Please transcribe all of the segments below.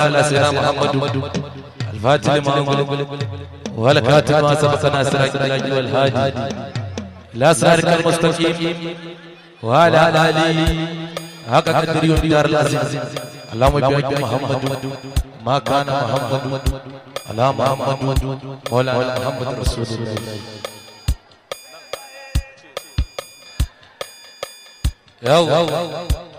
على سيدنا محمد الفاتح لما أغلق والكاتب ما سبقنا سراج الهادي والهادي لا سارك المستقيم وعلى آله حق قدري والدار العزيز اللهم بحق محمد ما كان محمد على محمد مولانا محمد رسول الله يا الله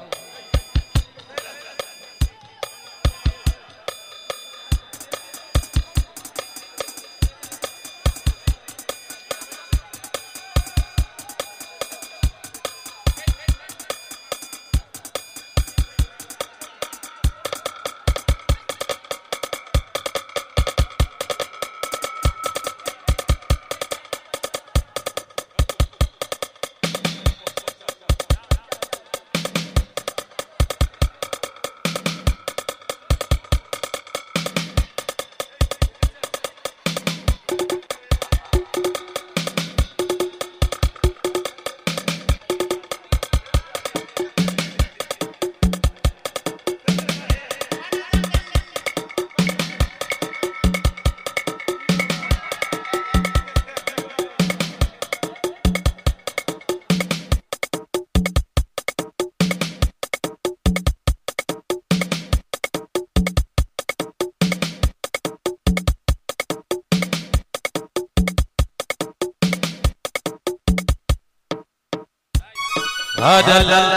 adala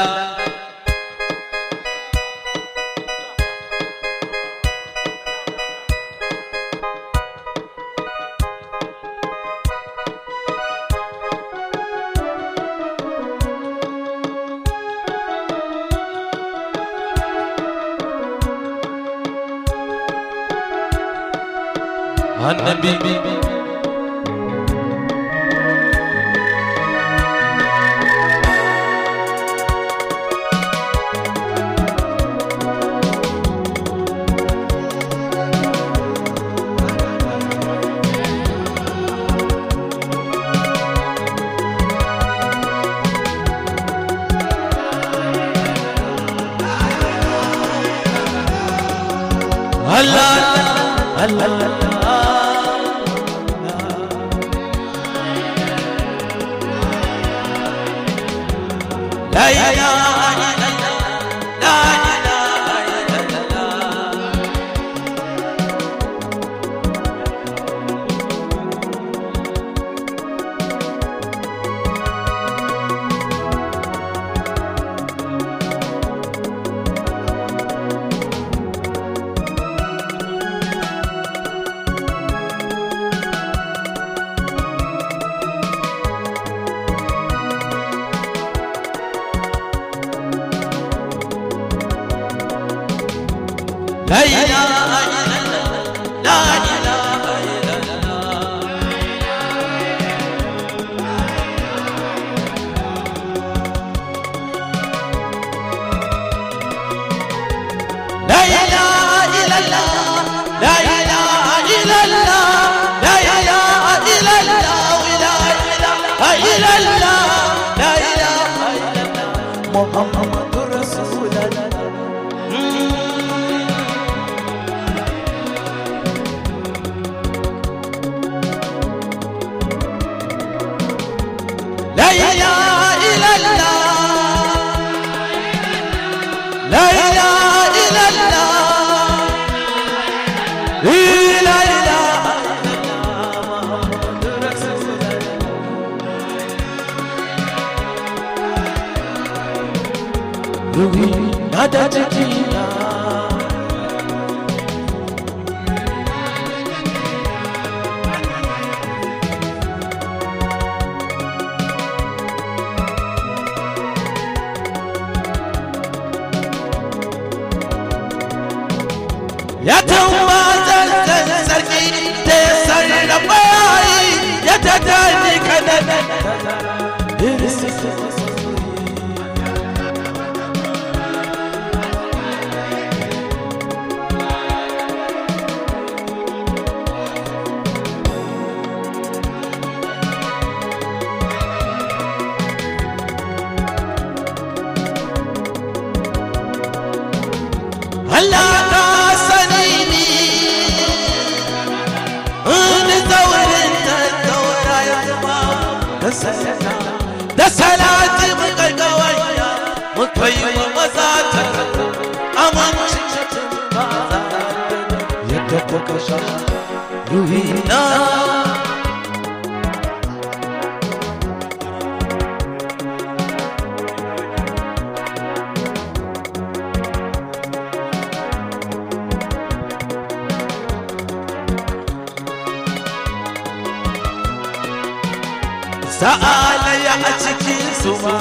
sa'alaya a cikin su ma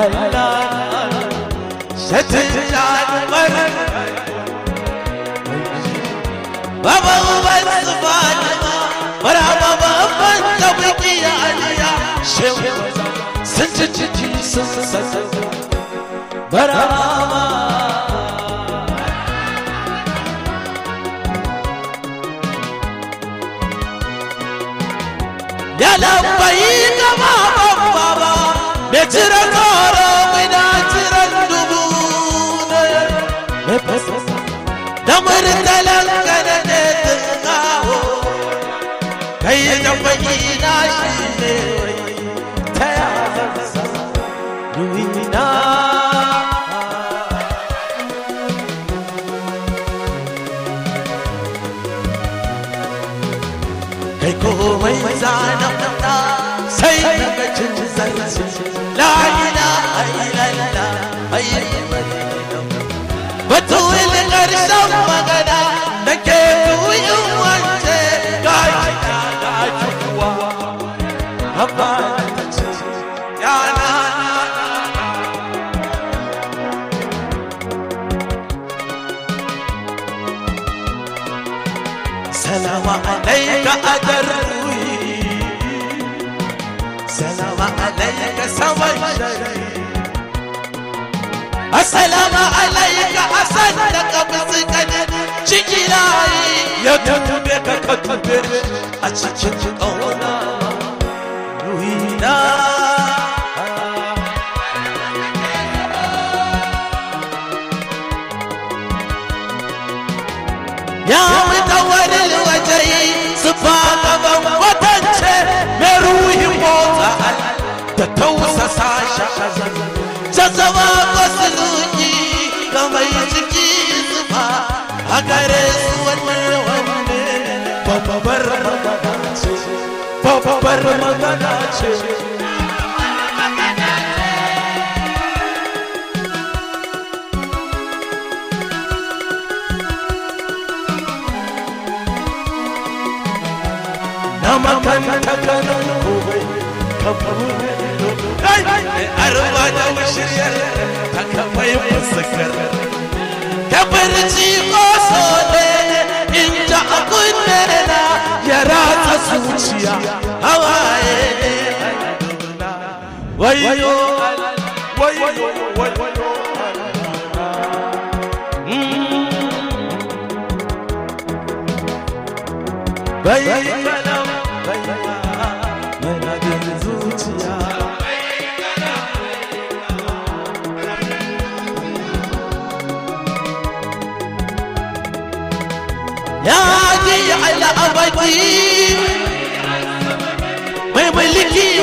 Allah shatin jarabar Baba uban su Fatima marhaba babban tabiki ya aliya shehu sun ci ciki sun sassa marhaba Ya labbai jiran horo guda jiran dubu da murtalan gane ne tun kai da fagi na shi ne ta yasa kai komai zanen sai daga cin zarci لا إله إلا الله أي بطول غرسة مغنى نكيف ويوانت قاعد قاعد قوة هبان يا لا سلام عليك أدروي سلام عليك assalamu alaika asan da kabzi kane ciki layi ya tuntube ka ka a cikin kauna ruhina ta tausa shi azan jazaba basirki ga mai ciki zuba a gare su wannan wanne babbar magana ce babbar magana ce na makanta kanan gobe ka faru arba da mashiryar haka bai musakar kabarci koso ne in ta akunne na ya ratsa zuciya hawaye ne wayo wayo wayo Bye, bye, bye, bye, ياجي على أبدي مملكي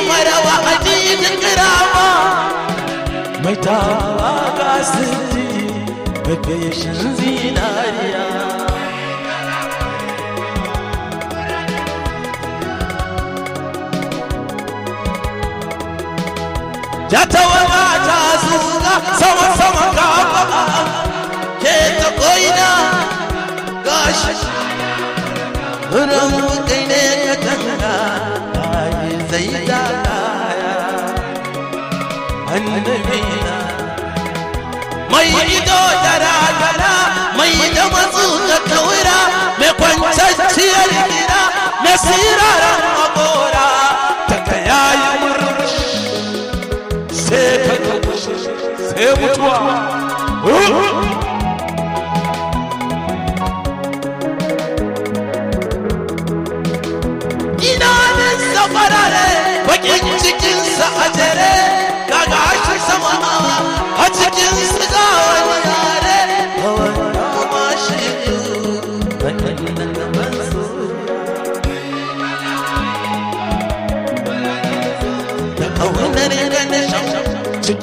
الكرامة قاسدي بكيش سوا سوا كابا كيتا قوينا tashi Ramu kai ne ido Mai da matsu ga taura Mai Mai siraran magora Ta Sai sai mutuwa فقر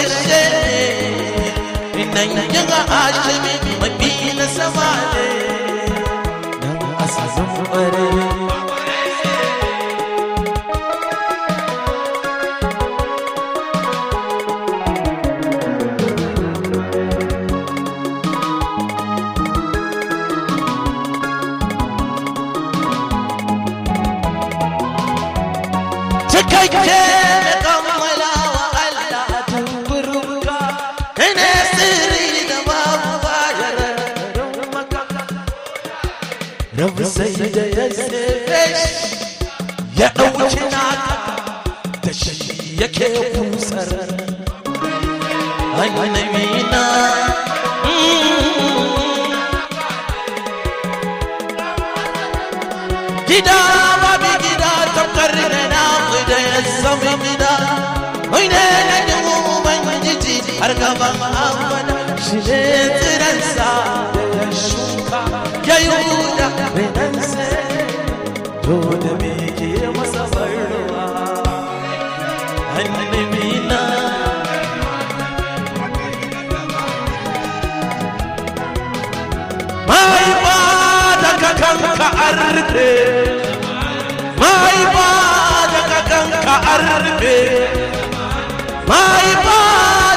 الشيء إن ينجا عاشمي مبين سماني نعم أسعزم أريد rabu sai da ya zai ya ɗauki na da shi gamda mai ne na dubu ubangiji har gaban abada shi ne tsiransa da ya shuka ya yi huda renansa to da me ke masa barwa annabi mai ba da kakanka arde mai ba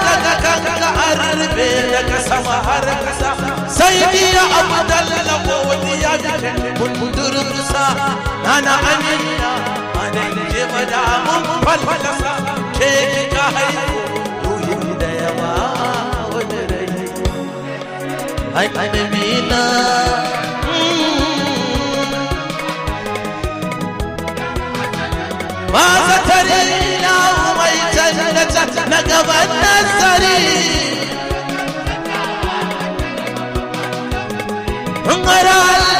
daga kanka an rufe daga sama har kasa sai biya abu dalla godiya da kundurin sa nana amina anan ke bada mun falfalasa ke kika haihu ruhin da yawa wani rai ai amina ba نقبت الطريق انظر على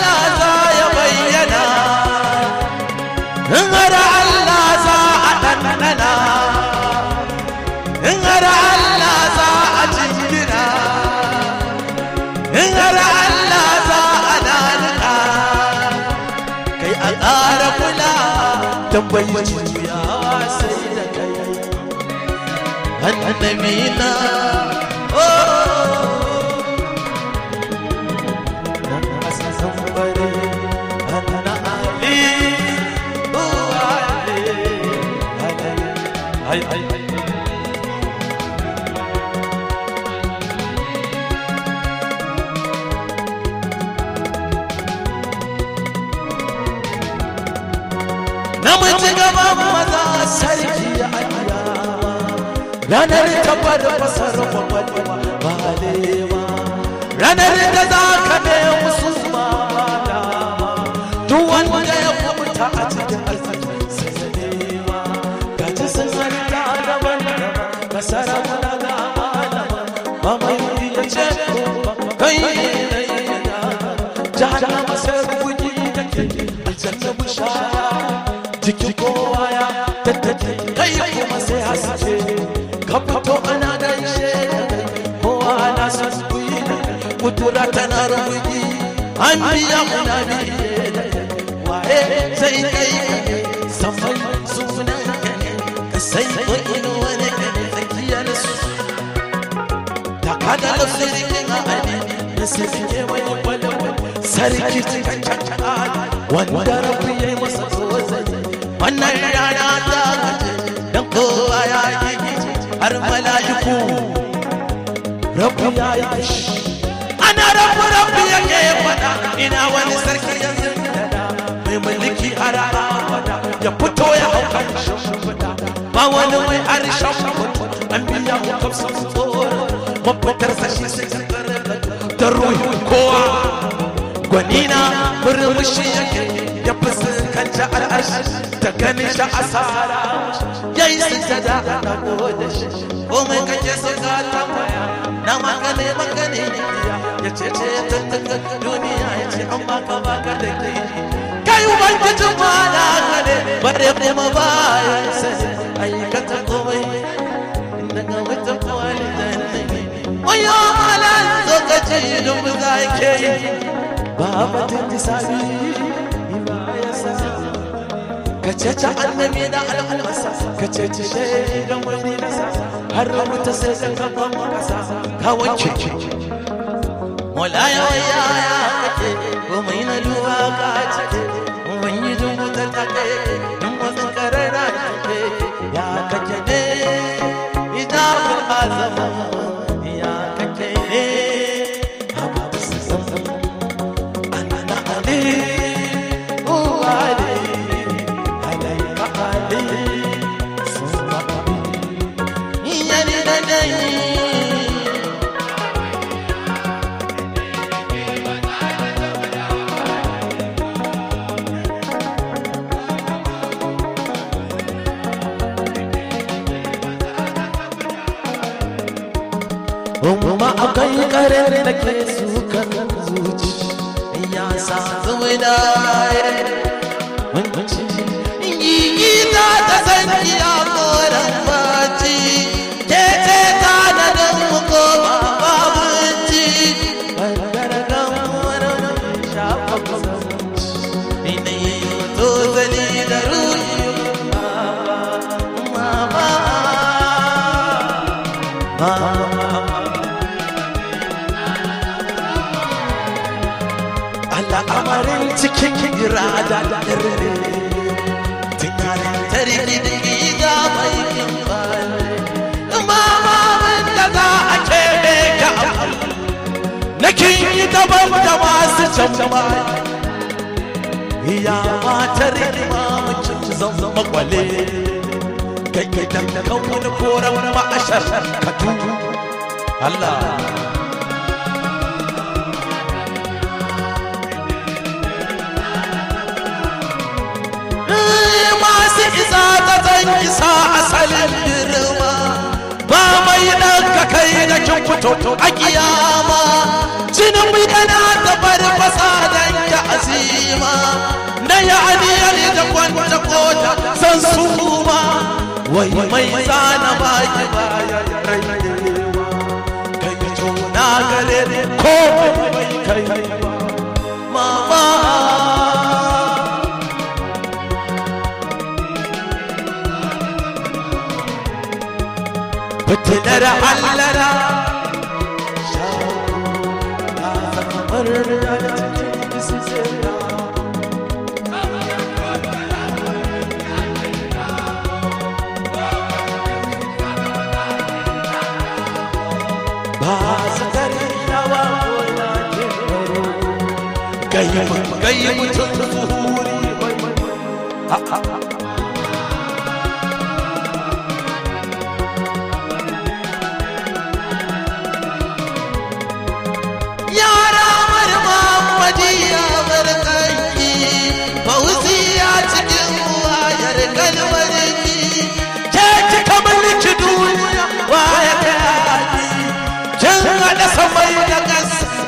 النبينا هاي هاي هاي نمت جبا مذا سركي ranar kabar fasar balewa ranar da za ka ne musu mana duk wanda ya kubuta a cikin arziki sai zanewa sun daban sarki wanda rabu ya yi masa wannan rana ta gaje kowa ya yi har rabu ya yi ana rabu rabu ina wani sarki yanzu shi ya fito ya hau harshen fita ba wani mai harshen fita an biya mu kamsa tsoron mafitar sa shi sai da ruhi kowa gwanina murmushi yake ya fuskanci al'arshi da ganin shi asara yayi sujada na gode shi komai kake so ka tambaya na magane magane ne ya ce ce ya tattaka duniya ya ce an baka baka da kai kai ubangijin malaka ne bare kuma bayan sai aikata komai daga wata kowani jannabi oyo halal lokacin yin buza ke yi ba batun tisabi ba ya sa ka cece annabi da al'almasa ka cece shaidan wani nasa har wuta sai zan kafa makasa ka wanke Mola ya waya ya kake mai na duwa ka cike I kace zuwida yi ta ta sanki da yi daban da masu can baya iya matar imamu kin zama makwale kai kai ta kan wani koren ma'ashar ka tuju Allah eh, masu isa ta zan isa asalin girma za mai ɗanka kai da kin fito a kiyama jinin mu yana da bari fasadan ya azima na ya aniyar da kwanta kota san suma wai mai zana baki baya rai kai to na gare ko kai ترى علنا شاورنا فمرت بسرنا قيم قيم الظهور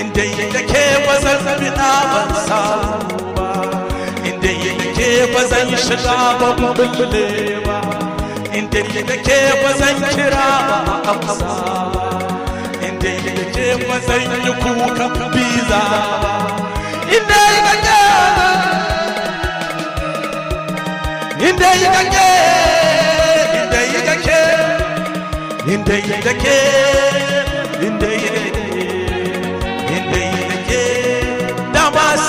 inda yi da ke ba zan bida ban samu ba inda yi da ke ba zan shiga ban bukule biza ba inda yi da ke inda yi da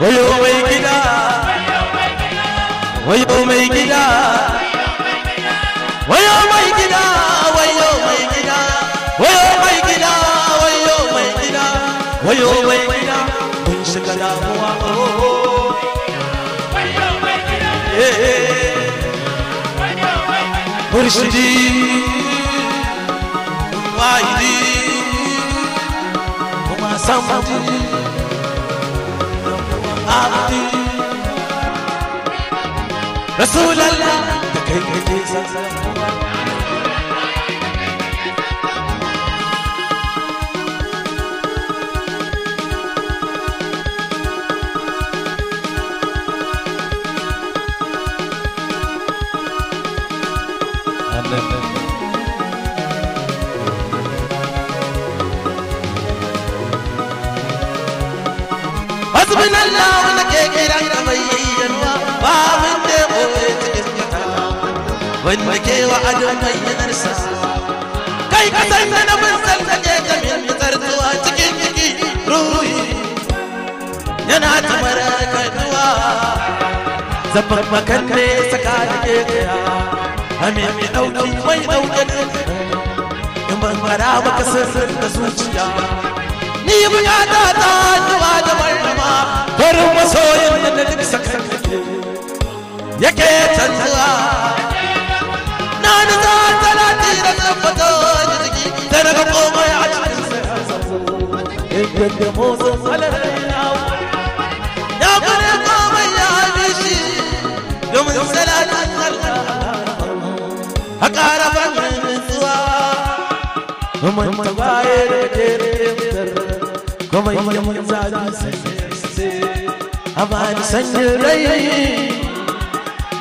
wayo mai gida wayo mai gida wayo mai gida wayo mai gida wayo mai gida wayo mai gida wayo mai gida kun shiga damuwa Murshidi Wahidi Kuma Samadi عبدي رسول الله abin Allah wanda ke da bai bayyanuwa ba abin da kai ka yana tamar kaduwa zaban ne saka da ke kaya amin mai mai ɗauke da in ban fara maka sirrin da zuciya ni bukata ta duwa ma soyen na da duk sakankato yake canza na da za talati da na fata da jiki da daga komai a cikin sai an sabo in da motsin alarai ya kare komai ya nishi domin salatin Allah a ƙara fannin nutsuwa domin ta baye da dare kuma yi yamin zaɓi sai a bani sanyin rai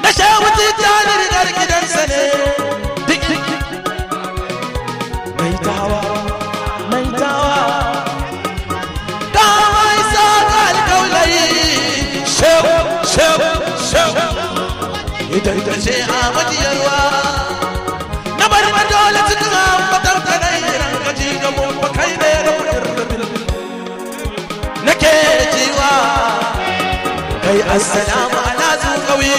na sha wuce jarir dar gidansa ne duk mai tawa mai tawa da mai sa ga alƙaulayi shehu shehu shehu Idan ta ce a majiyarwa السلام على ذو القوي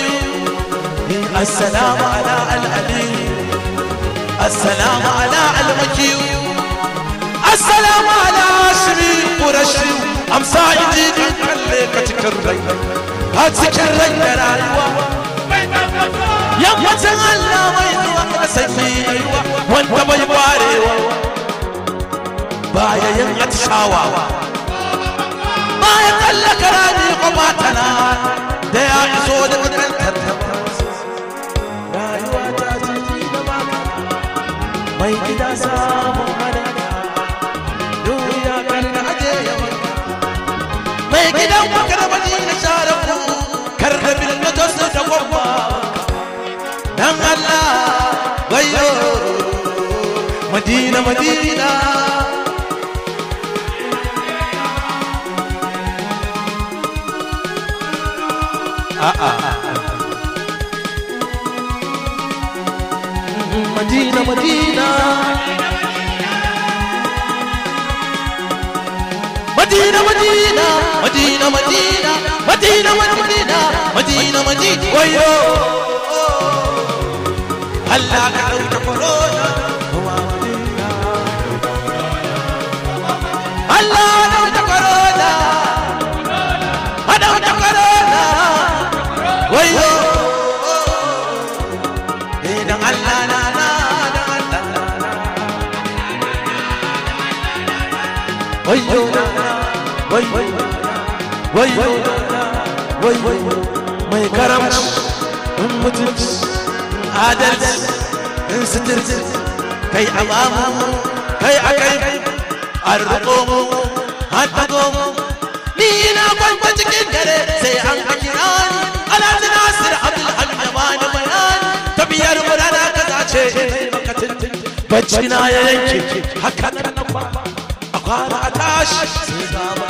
السلام على العلي السلام على المكي السلام على هاشمي قرشي أمسى يجيك عليك تكرر هتكرر رأيوه يا Allah الله ما kasashe wanda وانت barewa بايا yin atishawa amma ya tsallaka rani kuma tana da ya iso da kankantar rayuwa ta ciki da baka mai gida samun hada duniya kan na aje yawa mai gidan bakar bani na share ku karrabin na tosu da gwamba dan Allah wayo madina madina Madina Madina Madina Madina Madina Madina Madina Madina Madina Madina Wayo Allah ka dauka corona wai mai karamci in mutunci adalci in sitirci kai kai mu ni ina kwanta cikin dare sai an kira alhaji nasir abdul da bayani tabiyar mu ka bacci na ya yanke haka na a kwana a tashi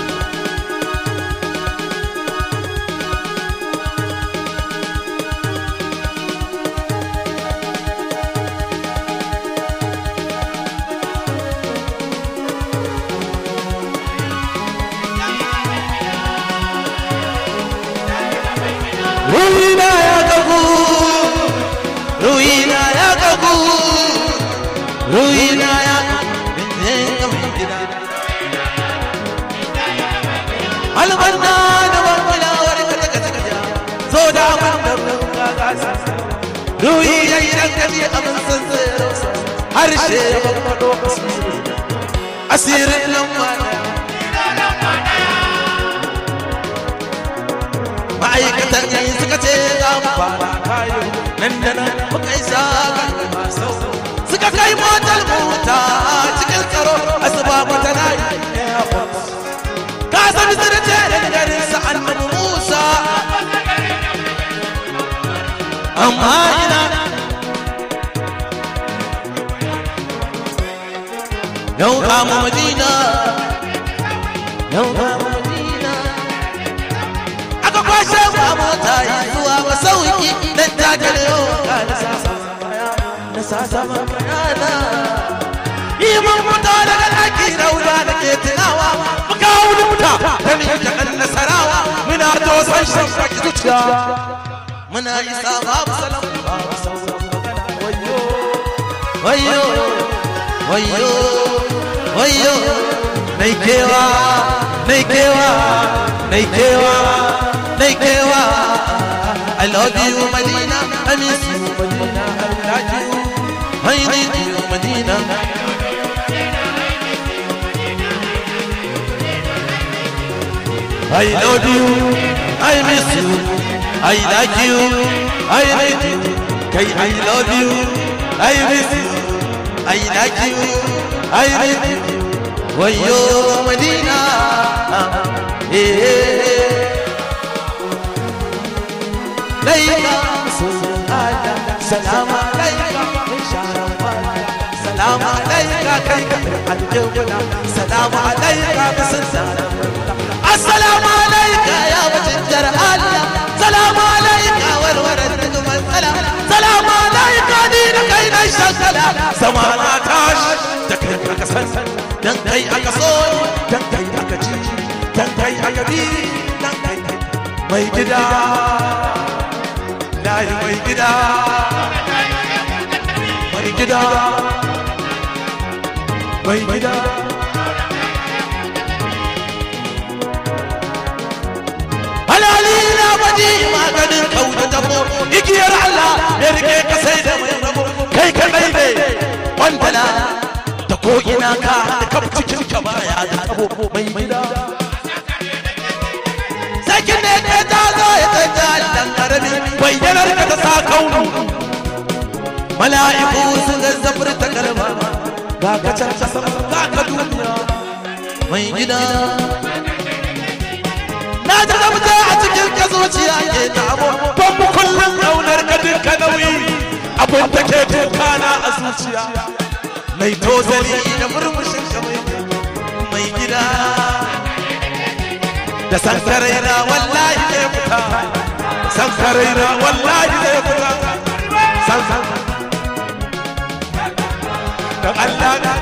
دوي يجرك لي أمن سنزير هرشي مبادو أسير لما ma'aikatan nan suka ce za mu fara kayo nan da nan muka isa kan suka kai motar mota cikin tsaro asuba mata na yi ka san sun ce da garin sa'an musa amma يوم قام مدينة يوم قام مدينة أكو قاشا وموتا يسوى وسوكي نتاك اليوم قال ساسا نساسا مبيانا إيمان مطالق الأكيرة ولانك يتناوى مقاول مطا تميك أن سراوى من أردوس عشان شكتشا من أيسا باب سلام باب سلام ويو ويو ويو ويو ميكيوا ميكيوا ميكيوا ميكيوا I love you Medina I miss you Medina I love you I need you Medina I love you I miss you I like you I need you I love you I miss you ai na kiyu ai na kiyu wayo madina eh laika sulala salam laika salama laika aljawla salama laika bisan assalamu alayka ya bajjar allah salamu alayka warwarar السلام عليك دينك إلى السلام زمان تاش تكهن أكسن دنتي أكسون دنتي أكجي دنتي أكدي دنتي مي جدا لا مي جدا مي جدا مي جدا هلا لينا بدي ما قد قوت cikin ka ba ya tabo mai gida sakin ne ne ta zo ya tsaya dan karami bayyanar ka ta sa kaunu mala'iku su zazzafar ta kalma ga ka can ka sama ga ka duniya mai gida na ji zamta a cikin ka zuciya ke tabo ban mu kullum kaunar ka dinka nauyi abin da ke duka na a zuciya mai tozali da murmushi da sankare na wallahi zai fita sankare na wallahi zai fita sansan da Allah na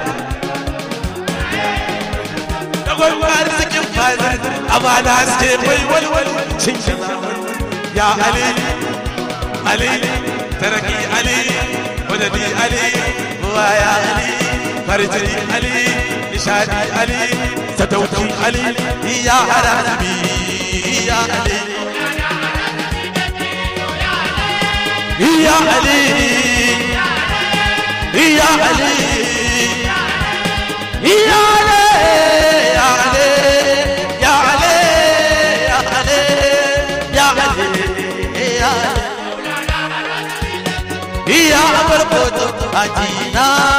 da gwamnati arzikin fadar amana suke bai walwal cin ya ali ali taraki ali wadadi ali Waya ali farjiri ali شادي علي صدوتي علي يا حبيبي يا علي يا علي يا علي يا علي يا علي علي علي علي علي يا يا يا يا يا علي يا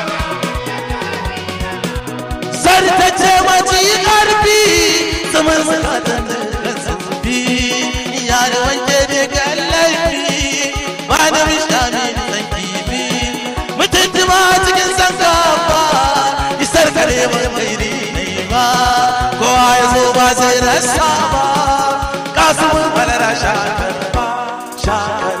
kar ta ce maji ƙarfi zaman sakatan da kasafi ya da wanke ne ga laifi ba da bishami san kifi mutunci ma cikin san kafa isar kare ba kairi ba kowa ya zo ba zai rasa ba kasuwan balara shakar ba shakar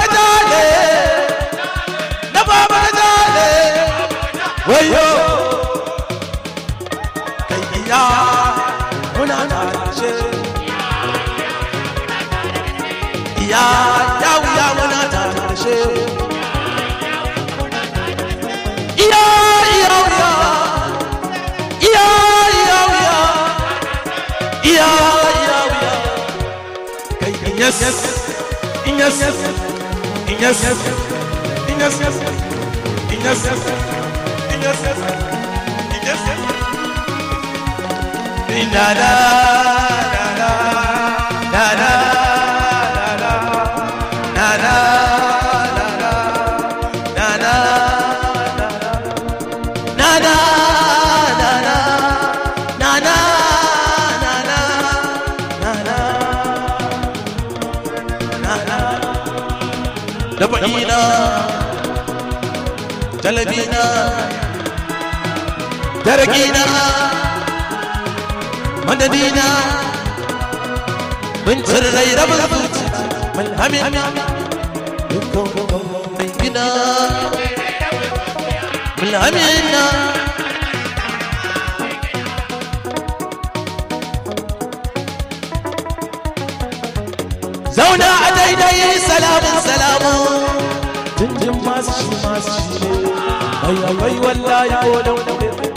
Ignacio, Ignacio, Ignacio, Ignacio, Ignacio, Ignacio, Ignacio, dargina madadina bincin rai rabin zuci malhamin dukkan mai gina malhamin na zauna a daidai salamun salamu jinjin masu shi masu shi ne ayyawai wallahi ko don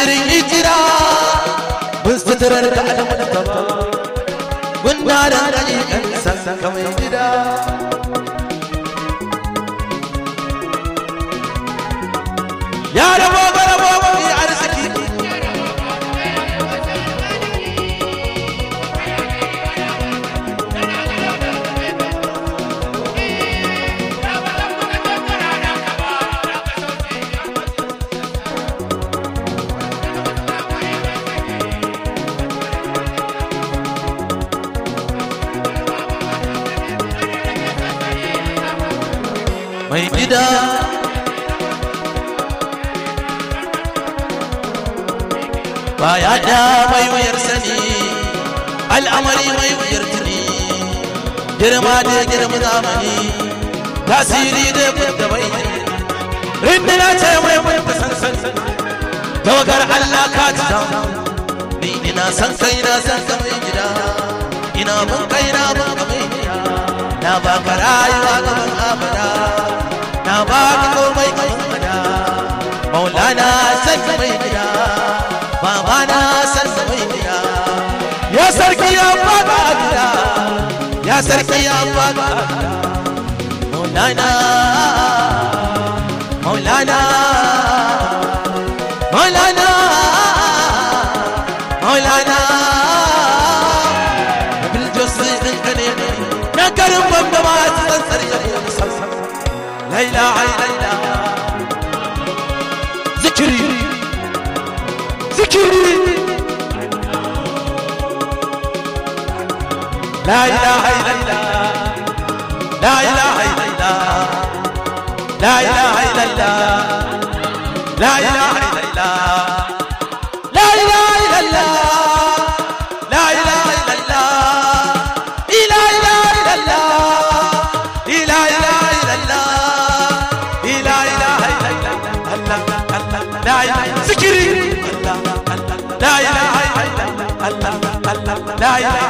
hadirin hijira mun suturar ka adam mun da da ɗan sassan gida da mai wuyar sani al'amari mai wuyar tuni girma da girma zamani tasiri da kudda bai rindina ce mai wuyar sansan tawagar allah ka ci ta ni ina san kai na san gida ina bin kai na bin kamar gida na ba ka rayuwa ga ban abada na ba baka komai kamar gida maulana san mai gida سر قيامك مولانا مولانا لا إله إلا الله لا إله إلا الله لا إله إلا الله لا إله إلا الله لا إله إلا الله لا إله إلا الله لا إله إلا الله لا إله إلا الله لا إله إلا الله لا إله ذكري لا إله إلا الله لا إله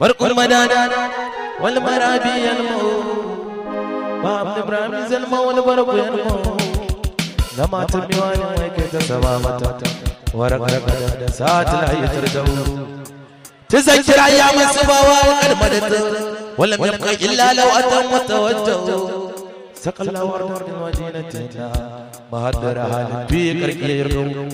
مرق المدان والمرابي ينمو باب البرامي زلمو والبرق ينمو لما ترمي واني ويكيت سبابة ورق رقدا ساعة العي ترجو تذكر أيام السباوة وقد مدت ولم يبقى إلا لو أتم وتوجه سقل الأورد ورد من وجينتنا ما هدرها لبيك رقية يرقو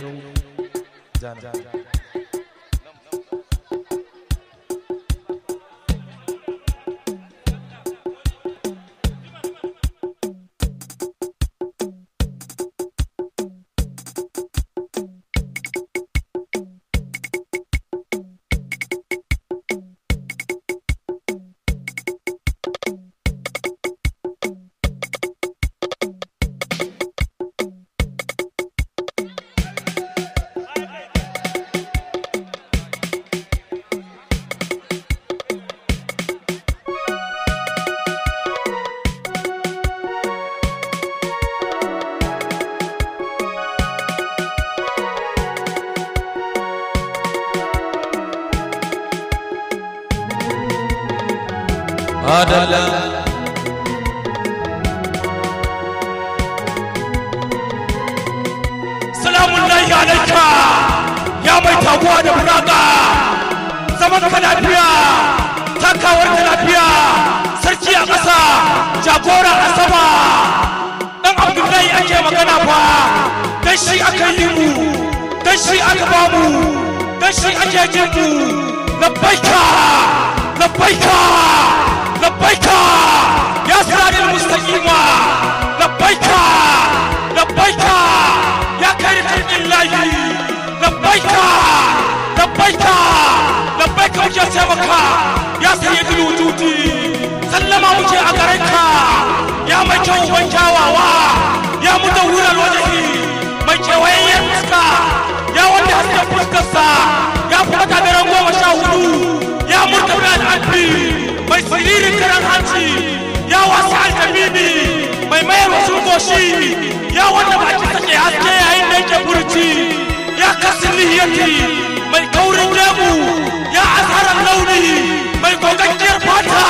maka ya sayyidul wujudi sallama muke a gare ka ya mai kyau ban kyawawa ya mutawwiral wajhi mai kewayen fuska ya wanda haske fuskarsa ya kuma tabiran goma sha hudu ya murtabi al'adbi mai siririn karan hanci ya wasu aljamini mai mayar wasu goshi ya wanda ki sake haske yayin da yake burci ya kasin lihiyati mai kaurin jebu या असारम लौनी मैं गोगक्कर फाटा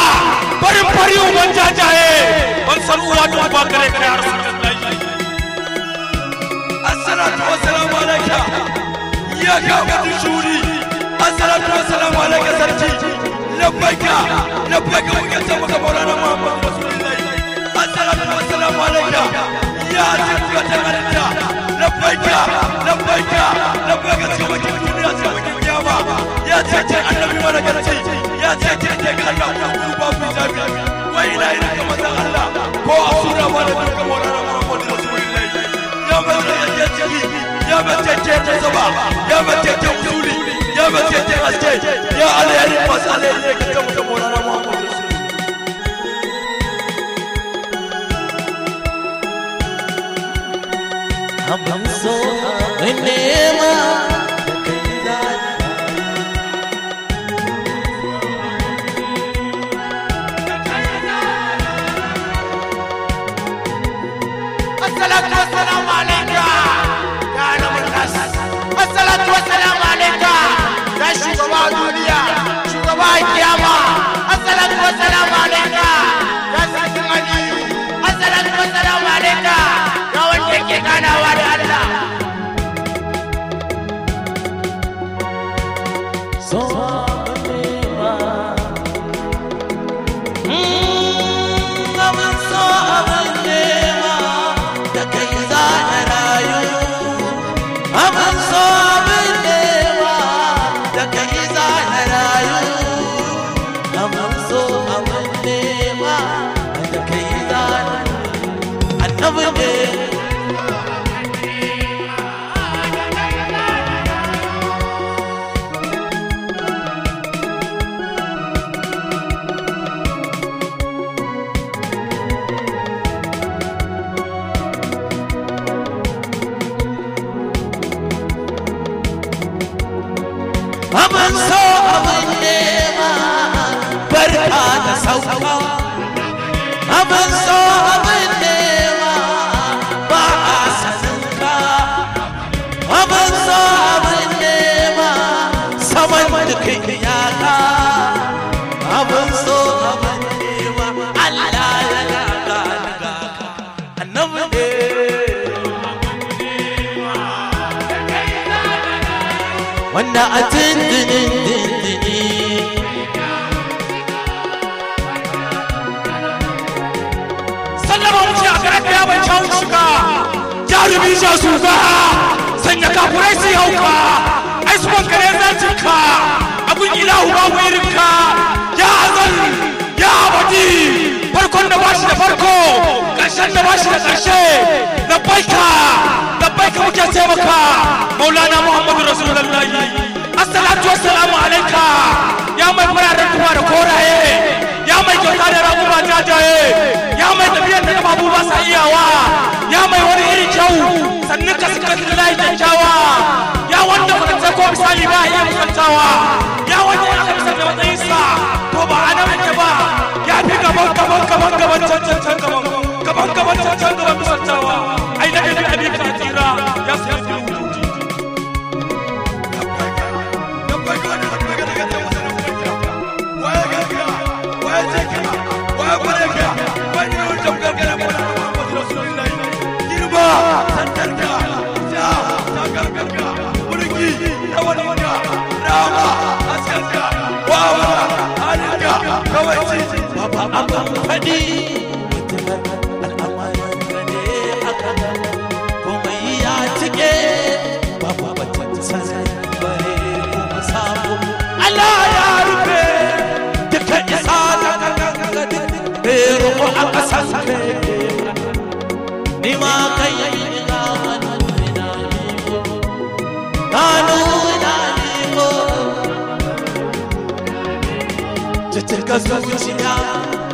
पर परियों बन जा जाए और सरुआत उबा करे प्यार असलत व सलाम अलैका या काबत शूरी असलत व सलाम अलैका सरजी लब्बैक लब्बैक मुझे सब मौलाना मोहम्मद रसूलुल्लाह असलत व सलाम अलैका या अजीब का जन्नत लब्बैक लब्बैक लब्बैक सब की दुनिया से क्या बात ya ce ce annabi mana garci ya ce ce ce ga ku ba ku jami wai ina ina ga manzon Allah ko a ba da duka morara Muhammad Rasulullahi ya ba ce ce ya ba ce ce ta zaba ya ba ce ce usuli ya ba ce ce aske ya Allah ya rufa ne ka ta mutum morara Muhammad فمن سوء من نعمة بركان سوء نعتن دنين wuce a garin ya bai cawo shiga jarumi ja su ga sanya kafurai su hauka ai su banka ne zacin ka abun ilahu babu irin ya azal ya abadi farkon da bashi da farko ƙarshen da bashi da ƙarshe da baika da baika muke taimaka maulana muhammadu rasulullahi assalatu wassalamu alaika ya mai fararen kuma da koraye ya mai kyauta da raguma jajaye ya mai tafiyar da babu ba sa iyawa ya mai wani iri kyau sannu ka suka ta kyakkyawa ya wanda ba ta ko misali ba ya musantawa ya wanda aka misali matsayinsa ba a nan ba gaban gaban gaban gaban can can can gaban gaban da ibn abin faɗi mutumar komai ya cike ba ba batun sanar bare kuma a ni ma na nuna Just take us to the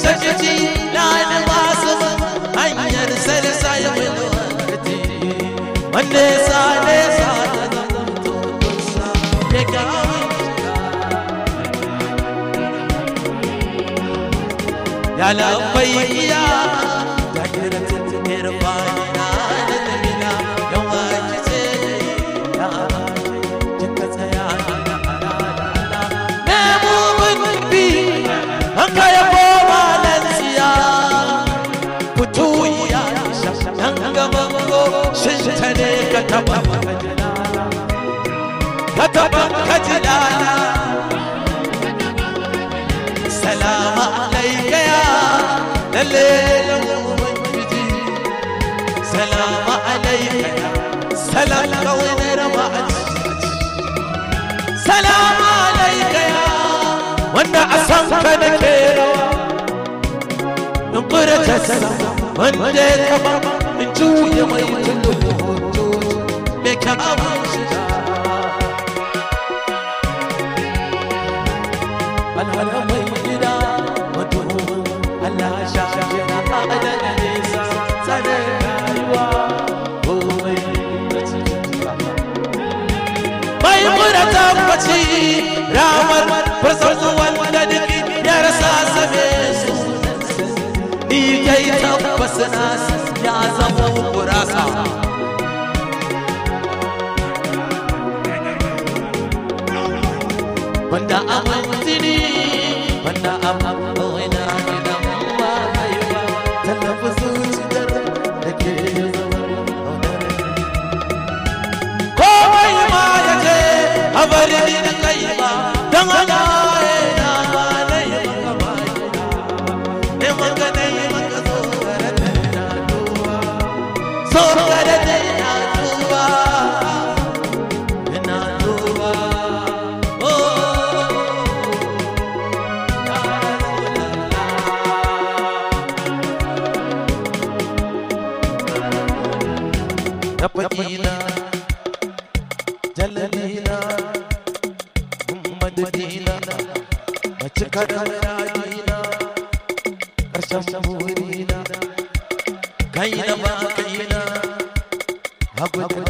kashe na lani masu hanyar sarsa ya mai lokaci wanda ya sa nesa da zamto kusa ya ya labai da taba ka taba ka jilala salama alaika ya lalle ubangiji salama alaika salam salama a san ka in juya ta hausa alhala gida mutumin allah sha mai mura tabbaci ramar farsan ya rasa ni ya zama kurasa madina na cika da daɗina ba kaina hagu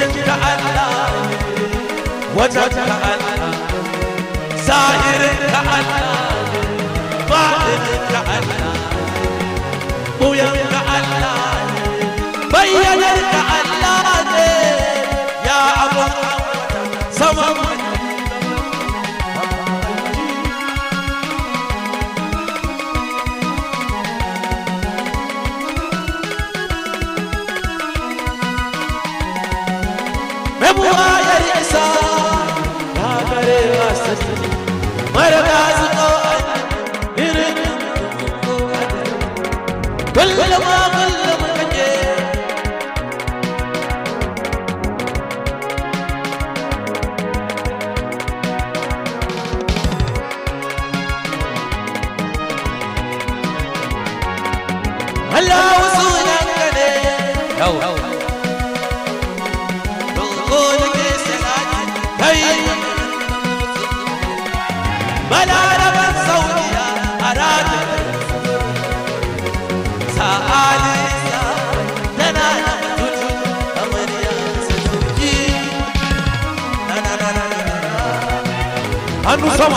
جبت الله وجهك الله rabuwa ya isa ta mara bu zaman.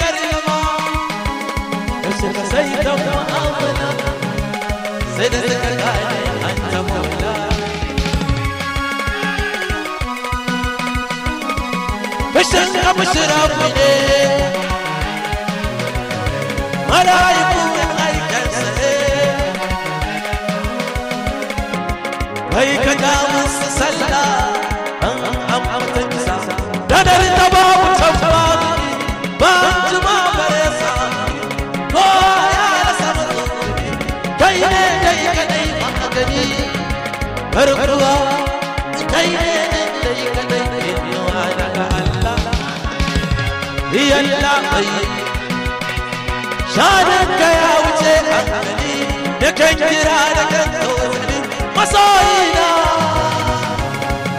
sai dan ma'amala sai da suka kare an ta maula Bishin abishira ka sallah an da ta babu برقوا تايين تايين تايين وانا الله هي الله شانك يا وجه أهلي لكن جرانك تولي مصاينا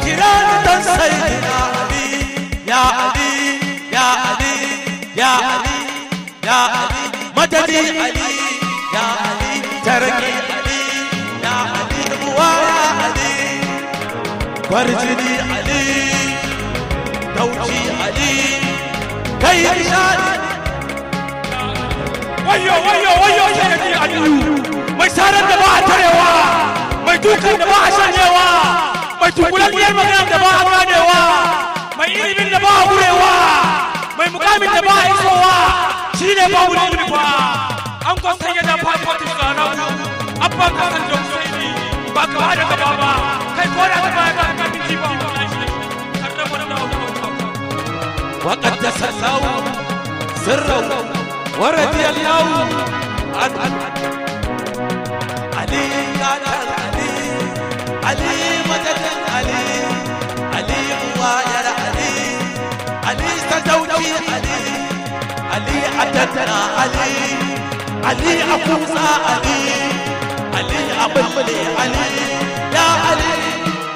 جران تنسينا علي يا علي يا علي يا علي يا علي مجدي علي يا علي تركي farjini ali dauci ali kai nishadi wayo wayo wayo shagadi aliyu mai sarar da ba a tarewa mai dukkan da ba a shanyewa mai tukulalliyar magana da ba a ganewa mai ilimin da ba a gurewa mai mukamin da ba a isowa shi ne babu ne ba an kwasa yadda fafatin tsara abba kan da kusa ba ka da gaba ba وقدس الله سره ورد الله عن علي يا علي علي مدد علي علي مغاير علي علي تزوجي علي علي عددنا علي علي أفوزا علي علي أبو علي يا علي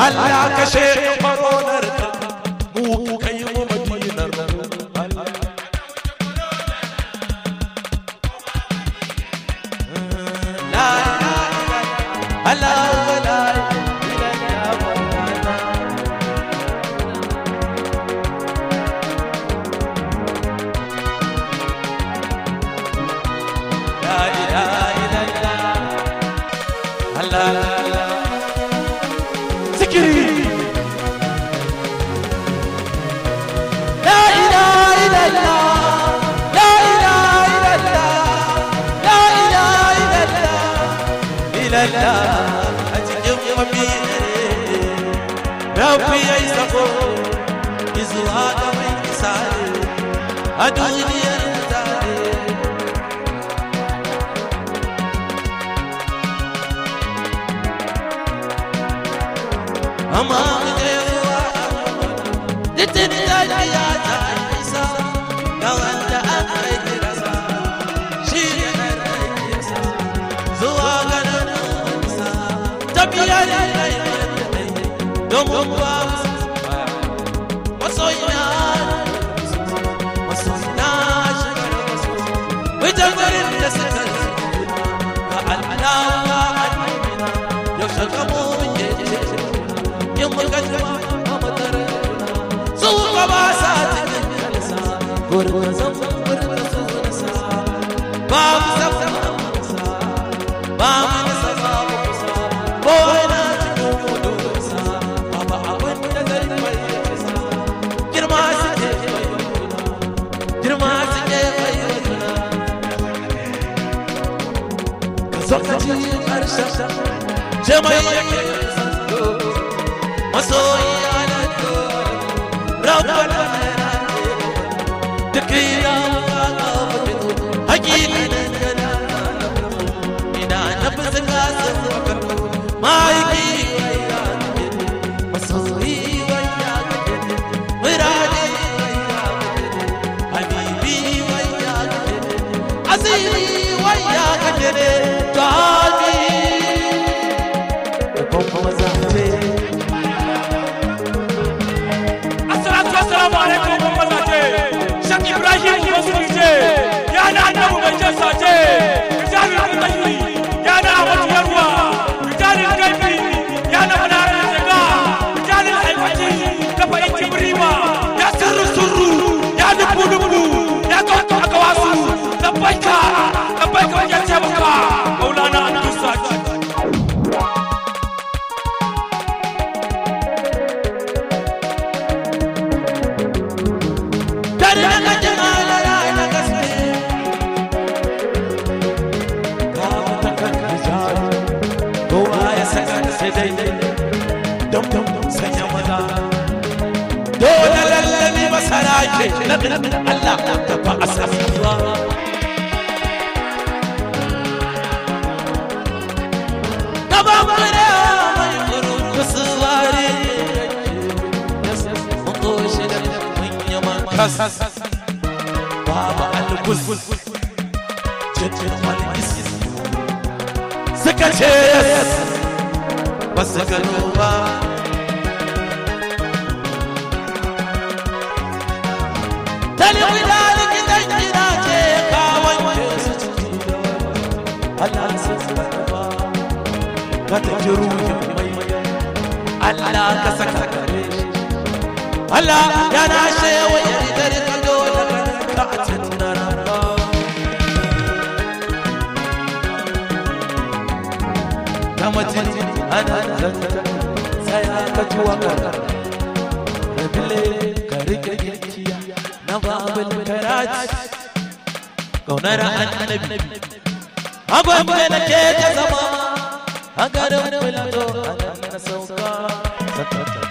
الله كشيخ Vamos. dace nabin Allah da ba a sani ba Gaban kare mai kurkusu ware Mun ƙoshi da mun yi mankas Baba alkul Jirgin malikis Suka ce yes ba su gano ba Allah ka saka kare shi Allah ya nashe wa yaridar ka dole ka a tattara ta mutum ana zanta sai ka tuwa ka rabile rike gaskiya na babul faraj kaunar annabi abin da nake ta zama a garin filato a nan na sauka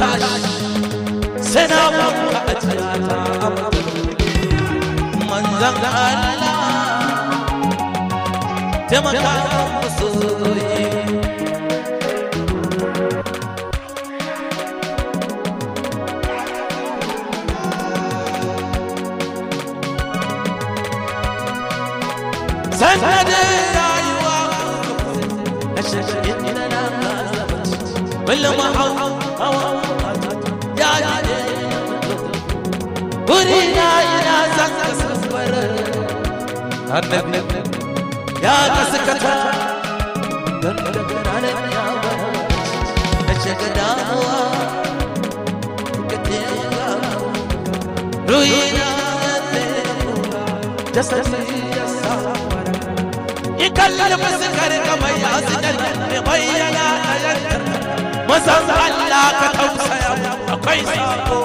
ታሽ ሰናማ አጅራታ መንዘን አላ ተመካ ሙስይ ሰነደ አይዋ እሸሽ ኢነና ولما حو حو ya ina zan kasafar annabi ya gaskata don daga ranar ya bara na shiga damuwa ka taimaka ruina ya taimaka jasadi ya safara ikallar fuskar kamar ya zinar mai bayyana a yantar masan Allah ka tausaya akwai sako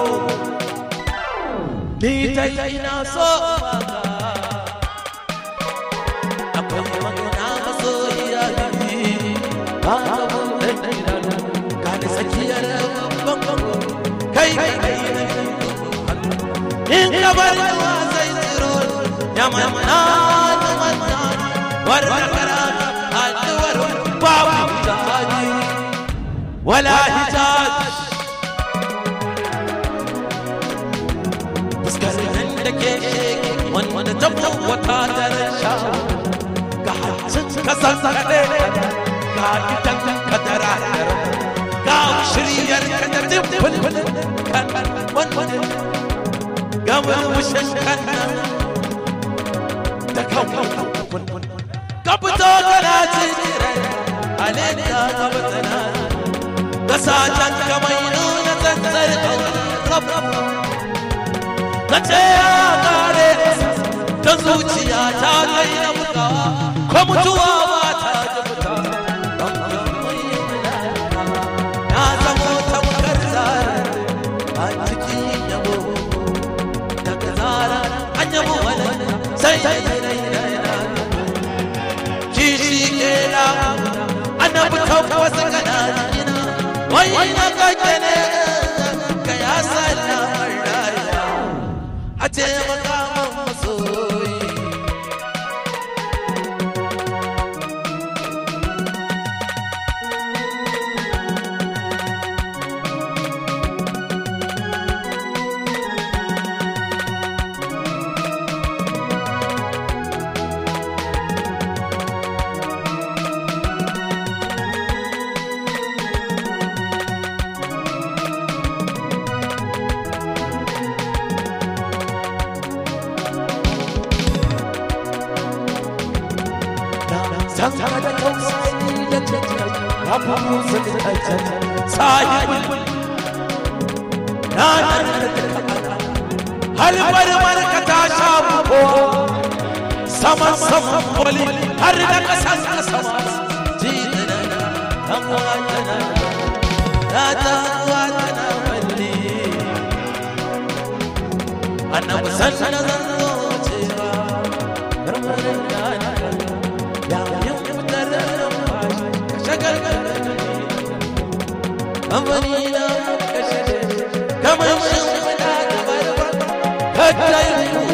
ni dai na so uwa akwai magana masoyiya gani ba ka bude idanu ka ni na bangon kai kai kai na in ka bar yawa zai tsiro ya mamana da manna warkara addu'ar babu ta wala hijab وتاجر الشام قاعد كسر سكتين قاعد تم قدر عثر قاعد شرير كتب فل كان ونمن قبل وشش كان تكون قبضة لا تجر علينا قبضنا قساجا كمينونة تنزل رب رب نتيا قارئ ta zuciya ta kai na buga ko mutuwa ba ta jibta na zamo tamkar zara a daga zara an yabo wani sai kishi wai na kake ne ka ya sa na a ce أبو زلت هل مرمر كتاشا بو سما سما بولي هر نقصا سما جيدنا أنا مسلسل amarina kashe kamar shin fada gabar ba ka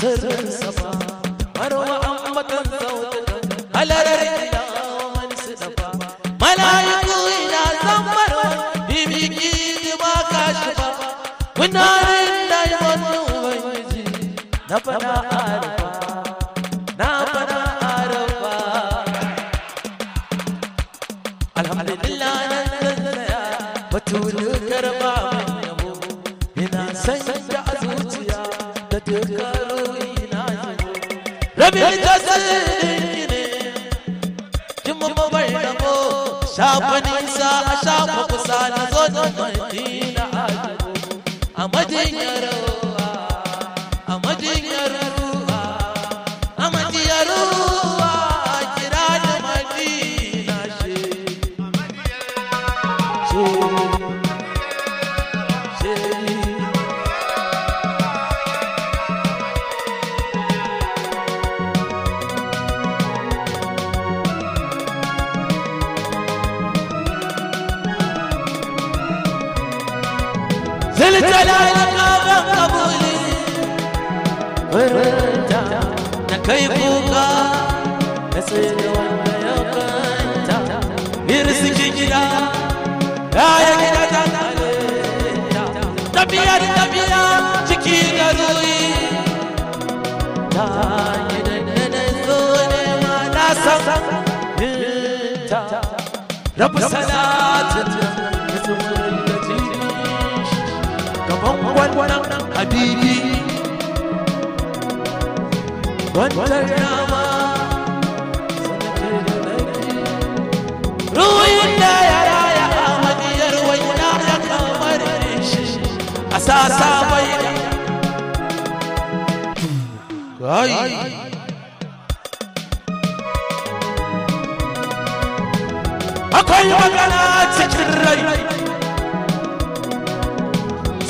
sirrin safa marwa ambatan sautukan halalar ilaman su dafa a ina san marwa bibi ka shi na fada sabani wani habibi wancan dama ruwin da ya raya a majiyar waina ya kamar shi a sasa bai da akwai magana cikin rai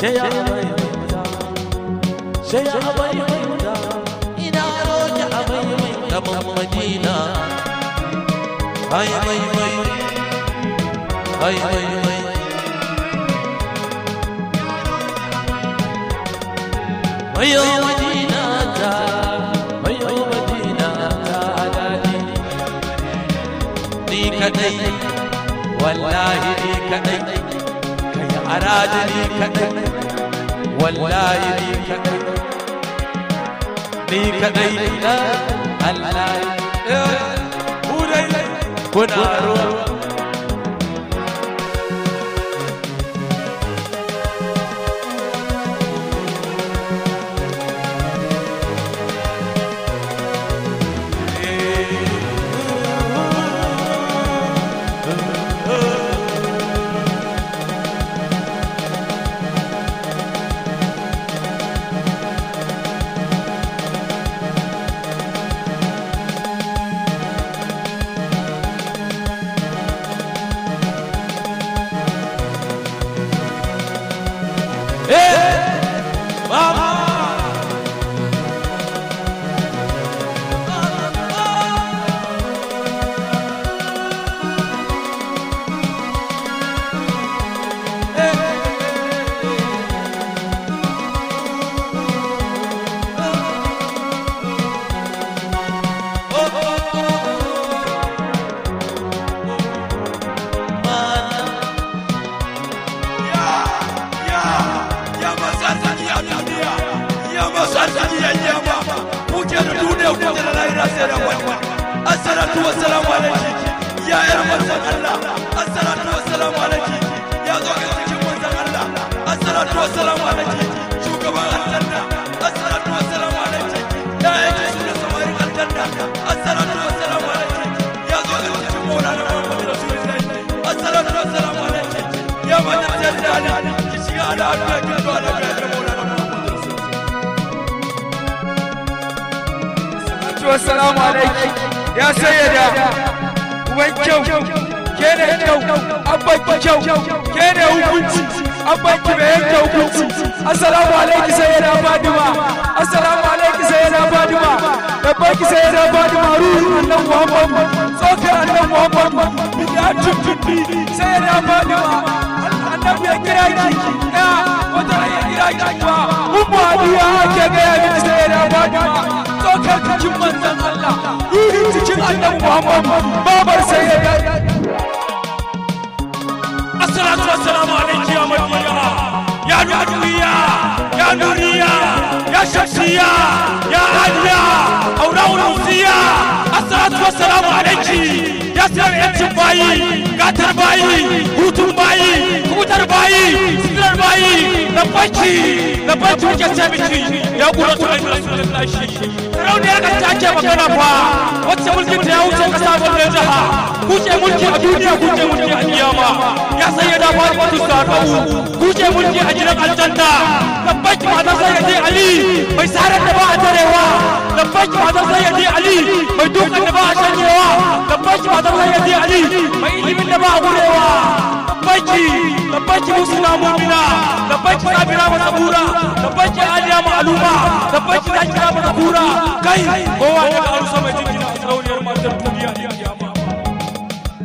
sai ya abai mai ina roƙi abai mai madina ai mai mai ai mai mai mayo madina ta mayo madina ta dadi ni kadai wallahi ni kadai أرادني كدي والله لي كدي لي كدي لا الله وري كنا روح wassalamu alaiki ya sayyada uban kyau ke ne kyau abban kyau ke ne hukunci abban ki bai yanke hukunci assalamu alaiki sayyada fadima assalamu alaiki sayyada fadima babban ki sayyada fadima ruhu annan muhammadu tsofi annan muhammadu bidiyar tuntun sayyada fadima annabi ya kira ki ya madarar iraki ba ake gaya mini sai ya fatima tsokar cikin manzan allah cikin annan muhammad babar ya yi shakshiya ya aliya aurawun musiya assalatu wassalamu alaiki ya sirar yancin bayi gatar bayi hutun bayi kubutar bayi sirar bayi da baki da baki wuce sabiki ya kura tu ayyukan lashi sarau ne ya kan take magana fa wacce mulkin ta ya wuce ka sa bane jaha kuce mulki a duniya kuce mulki a kiyama ya sanya da fa wata sa kuce mulki a jiran aljanna da baki ma da sai ali mai tsarar da ba a tarewa da ali mai dukan da ba a shanyewa da ali mai ilimin da ba a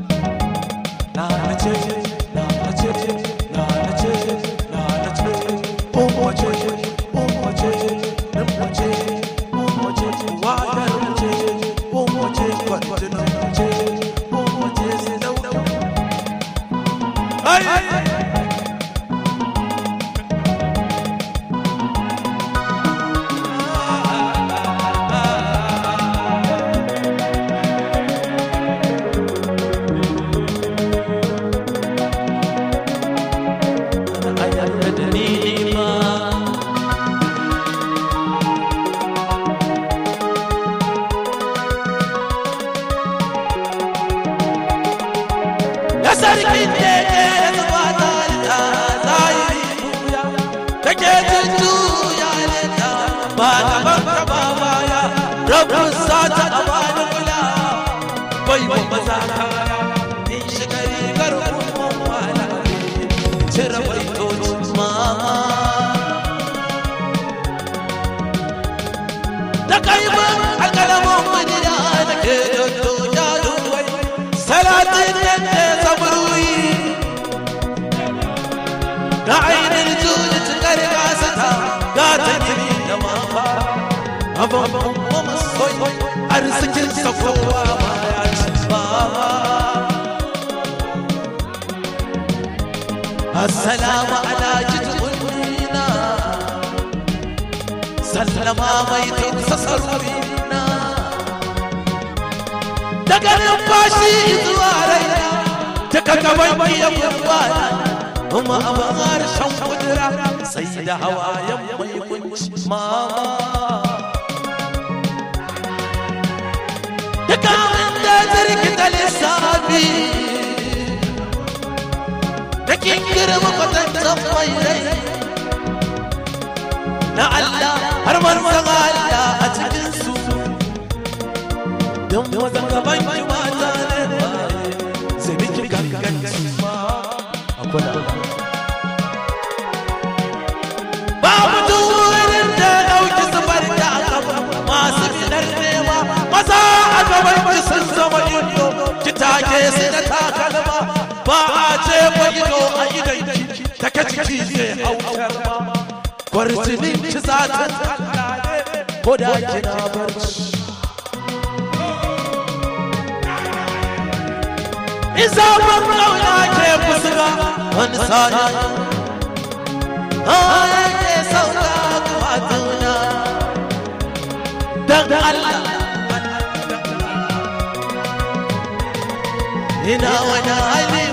mu'mina kai havan olmaz soy Arzıcın sokuğa açma السلام على جد أمنا سلم ميت تصرفنا دقن باشي دوارينا تككبن بي أبوانا هم أبغار شم قدرة سيد هوايا ميكنش ماما கருக்குதல் சாமி நக்கிங்கிரும் கொதன் சம்மையை நான் அல்லா ஹர்மன் சகால்லா அச்சிக்கின் சூ دم وزنقبان جماتان idan ki ta kaci zai aukar ma kwarjinin ki ko da kina barci Iza ban kauna ke kusurwa wani sani Ai ke sauka kuma tuna Dan Allah Ina wani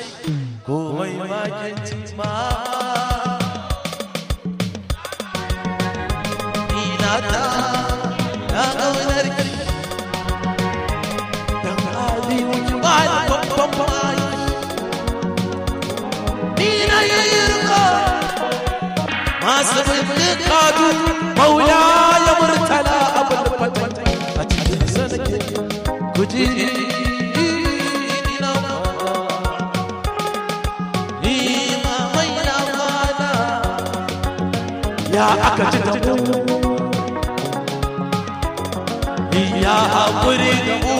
asibitikatu maula ya murtala abin fatanta a cikin sanake kuji ya aka ci ta ya haƙuri ga mu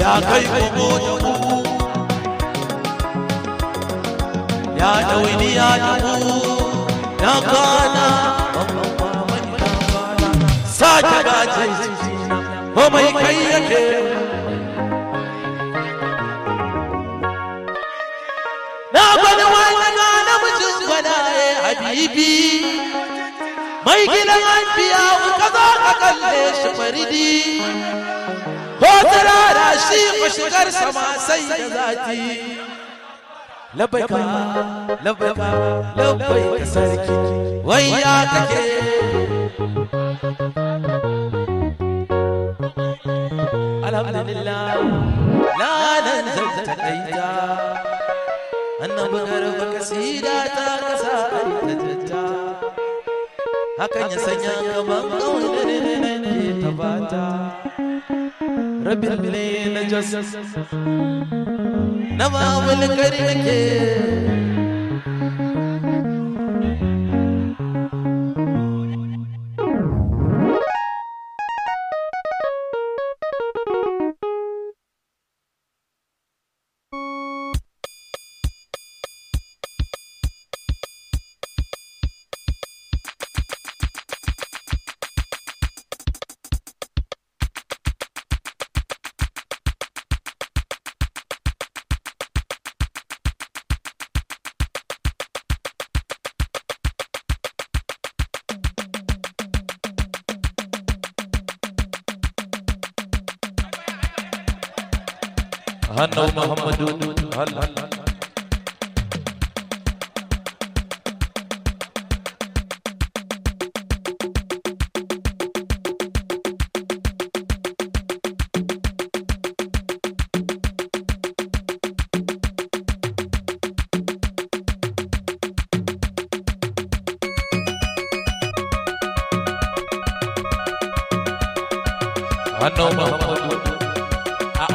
ya kai kogo da ya ɗauniya ya ku na kwana sake gace ba mai kai yake na gwada wani na namijin gwada ne habibi mai gidan an biya ka zo ka kalle shi faridi ko tarara shi ku shigar sama sai da zati لبيك لبيك لبيك سركي وياك الحمد لله لا ننزل أنا hakan ya sanya gaban ƙaune ke tabata rabin ne na jos na babul kari ke دل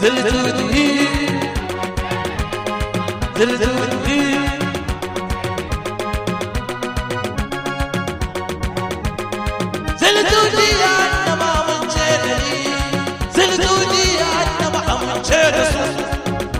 دل دل دل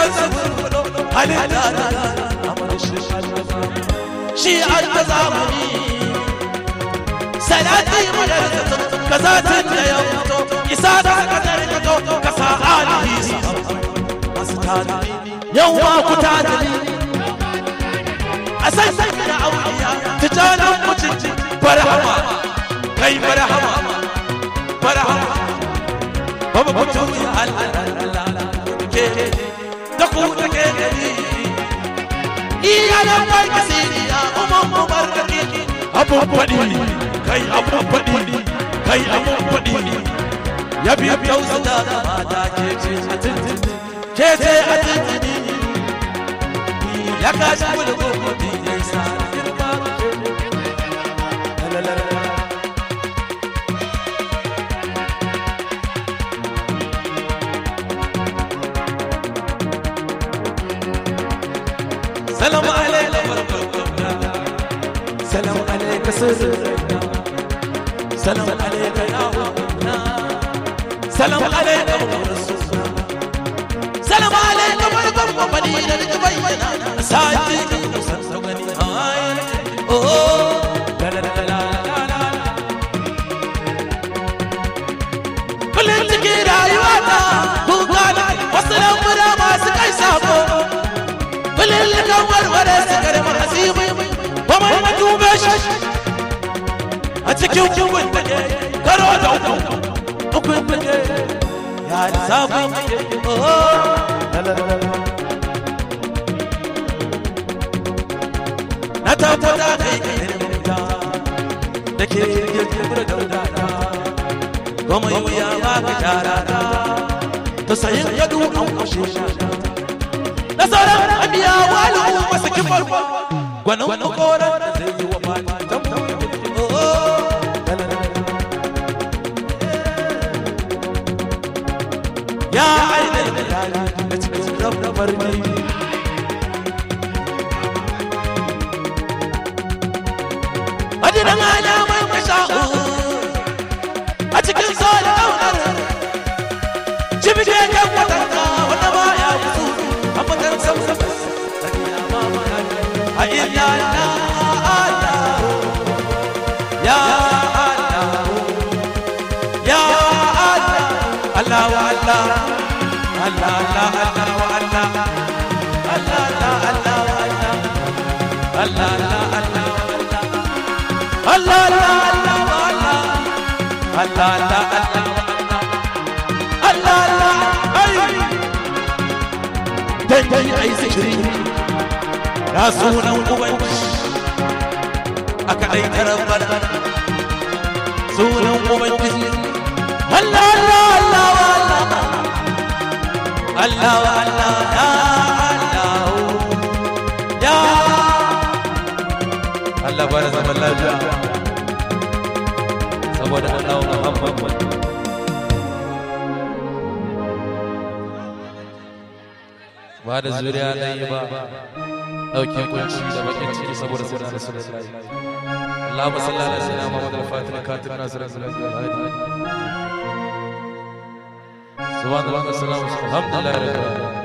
zazzaburo halitta da amur shi da ya fito isa da kadar ka to a ku take gari iyalan bai masiri ya umar umar kai abun faɗi kai abun faɗi ya bi tausata da mata ke ce a tintin ke ce a tintin ya kashi mulkokobi سرنا سلام عليك يا ربنا سلام عليك يا رسولنا سلام عليك مرضى ومدينة بينا ساجدين cikin kiwon take karo da uku ukun take ya sabon na ta ta da kai da ke girgin mura daudata goma yi ya ba ka jarata ta sayin gado an kwashe shata na sauran abiya wa al'umma kifar gwanon koran da zai yi wa gidan alamar masha'u a cikin sol daular jibge kan watarka wanda ba ya mutu a fatar samsa a illa na matata Allah Allah ai dan dan ai zikiri ya sunan ubanci aka dai tarabar sunan ubanci Allah Allah Allah Allah Allah Allah Allah ya Allah bar zaman lafiya محمد أنه محمد ba Muhammad wa bihamdihi